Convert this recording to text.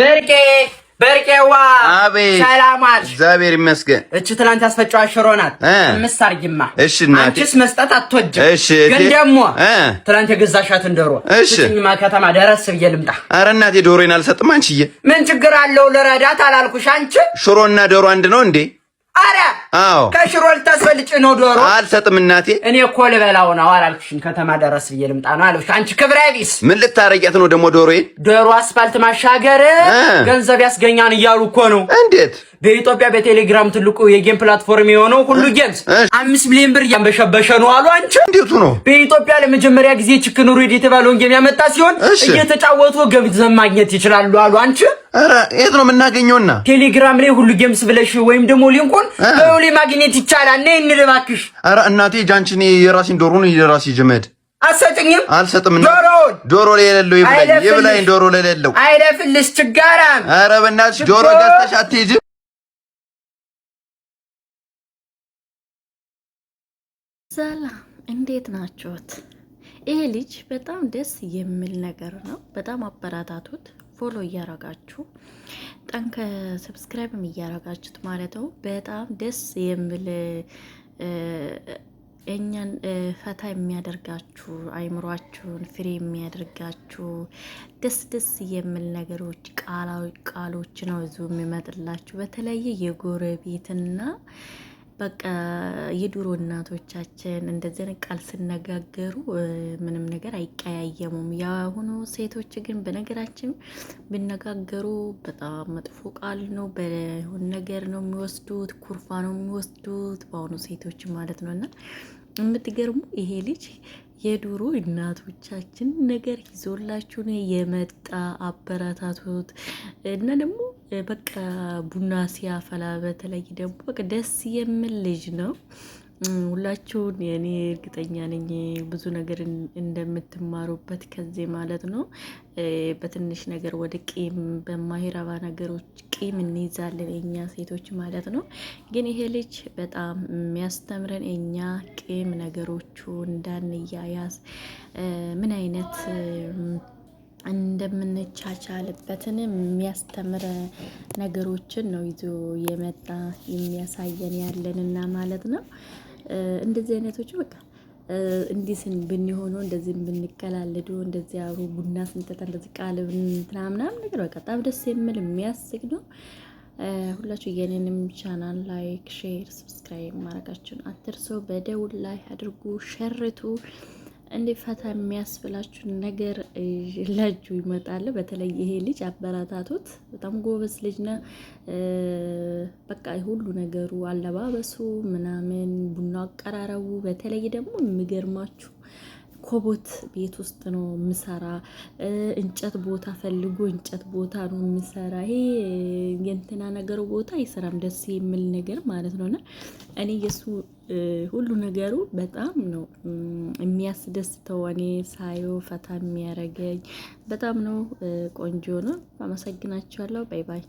ብርቄ በርቄዋ አቤት ሰላም አልሽ? እግዚአብሔር ይመስገን። እቺ ትላንት ያስፈጫው ሽሮ ናት። ምስ አርጊማ እሺ። እናቴ አንቺስ መስጠት አትወጂም። እሺ። ግን ደግሞ ትላንት የገዛሻትን ዶሮ እሺ፣ ከተማ ደረስ ብዬ ልምጣ። ኧረ እናቴ ዶሮዬን አልሰጥም። አንቺዬ ምን ችግር አለው? ልረዳት አላልኩሽ አንቺ? ሽሮና ዶሮ አንድ ነው እንዴ? አረ አዎ፣ ከሽሮ ልታስፈልጭ ነው ዶሮ? አልሰጥም እናቴ። እኔ እኮ ልበላው ነው አላልኩሽም? ከተማ ደረስ ብዬ ልምጣ ነው አልኩሽ። አንቺ ክብረ ቢስ! ምን ልታረጊያት ነው ደግሞ ዶሮዬ? ዶሮ አስፋልት ማሻገር ገንዘብ ያስገኛን እያሉ እኮ ነው። እንዴት በኢትዮጵያ በቴሌግራም ትልቁ የጌም ፕላትፎርም የሆነው ሁሉ ጌምስ አምስት ሚሊዮን ብር እያንበሸበሸ ነው አሉ። አንቺ እንዴቱ ነው በኢትዮጵያ ለመጀመሪያ ጊዜ ችክን ሬድ የተባለውን ጌም ያመጣ ሲሆን እየተጫወቱ ገንዘብ ማግኘት ይችላሉ አሉ። አንቺ የት ነው የምናገኘውና? ቴሌግራም ላይ ሁሉ ጌምስ ብለሽ ወይም ደግሞ ሊንኩን በሁሌ ማግኘት ይቻላል። ነይ እንልባክሽ። ኧረ እናቴ ጃንቺ፣ እኔ የራሴን ዶሮ የራሴ ጀመድ አሰጥኝም አልሰጥም። ዶሮውን ዶሮ ላይ የሌለው ይብላኝ ይብላኝ። ዶሮ ላይ የሌለው አይለፍልሽ ችጋራም። ኧረ በእናትሽ ዶሮ ገዝተሽ አትሄጂም። ሰላም እንዴት ናችሁት? ይሄ ልጅ በጣም ደስ የሚል ነገር ነው። በጣም አበረታቱት። ፎሎ እያረጋችሁ ጠንከ ሰብስክራይብም እያረጋችሁት ማለት ነው። በጣም ደስ የሚል እኛን ፈታ የሚያደርጋችሁ አይምሯችሁን ፍሬ የሚያደርጋችሁ ደስ ደስ የሚል ነገሮች ቃሎች ነው እዚሁ የሚመጥላችሁ በተለየ የጎረቤትና በቃ የድሮ እናቶቻችን እንደዚህ ቃል ስነጋገሩ ምንም ነገር አይቀያየሙም። የአሁኑ ሴቶች ግን በነገራችን ቢነጋገሩ በጣም መጥፎ ቃል ነው፣ በሁን ነገር ነው የሚወስዱት፣ ኩርፋ ነው የሚወስዱት በአሁኑ ሴቶች ማለት ነው። እና የምትገርሙ ይሄ ልጅ የድሮ እናቶቻችን ነገር ይዞላችሁ የመጣ አበረታቱት እና ደግሞ በቃ ቡና ሲያፈላ በተለይ ደግሞ በቃ ደስ የሚል ልጅ ነው። ሁላችሁን የኔ እርግጠኛ ነኝ ብዙ ነገር እንደምትማሩበት ከዚህ ማለት ነው። በትንሽ ነገር ወደ ቂም በማይረባ ነገሮች ቂም እንይዛለን እኛ ሴቶች ማለት ነው። ግን ይሄ ልጅ በጣም የሚያስተምረን እኛ ቂም ነገሮቹ እንዳንያያዝ ምን አይነት እንደምንቻቻልበትን የሚያስተምር ነገሮችን ነው ይዞ የመጣ የሚያሳየን ያለንና ማለት ነው። እንደዚህ አይነቶቹ በቃ እንዲህ ስን ብንሆኑ እንደዚህ ብንቀላልዱ እንደዚህ አሩ ቡና ስንጠጣ እንደዚህ ቃል ምናምናም ነገር በቃ በጣም ደስ የሚል የሚያስግ ነው። ሁላችሁ የኔንም ቻናል ላይክ፣ ሼር፣ ሰብስክራይብ ማድረጋችሁን አትርሶ። በደውል ላይ አድርጉ ሸርቱ። እንዴ ፈታ የሚያስብላችሁ ነገር ይላችሁ ይመጣል። በተለይ ይሄ ልጅ አበረታቱት። በጣም ጎበዝ ልጅ ነ በቃ ሁሉ ነገሩ አለባበሱ፣ ምናምን ቡና አቀራረቡ፣ በተለይ ደግሞ የሚገርማችሁ ኮቦት ቤት ውስጥ ነው የምሰራ። እንጨት ቦታ ፈልጎ እንጨት ቦታ ነው የምሰራ። ይሄ የእንትና ነገሩ ቦታ የስራም ደስ የሚል ነገር ማለት ነው። እና እኔ የእሱ ሁሉ ነገሩ በጣም ነው የሚያስደስተው። እኔ ሳየው ፈታ የሚያረገኝ በጣም ነው። ቆንጆ ነው። አመሰግናችኋለሁ። ባይ ባይ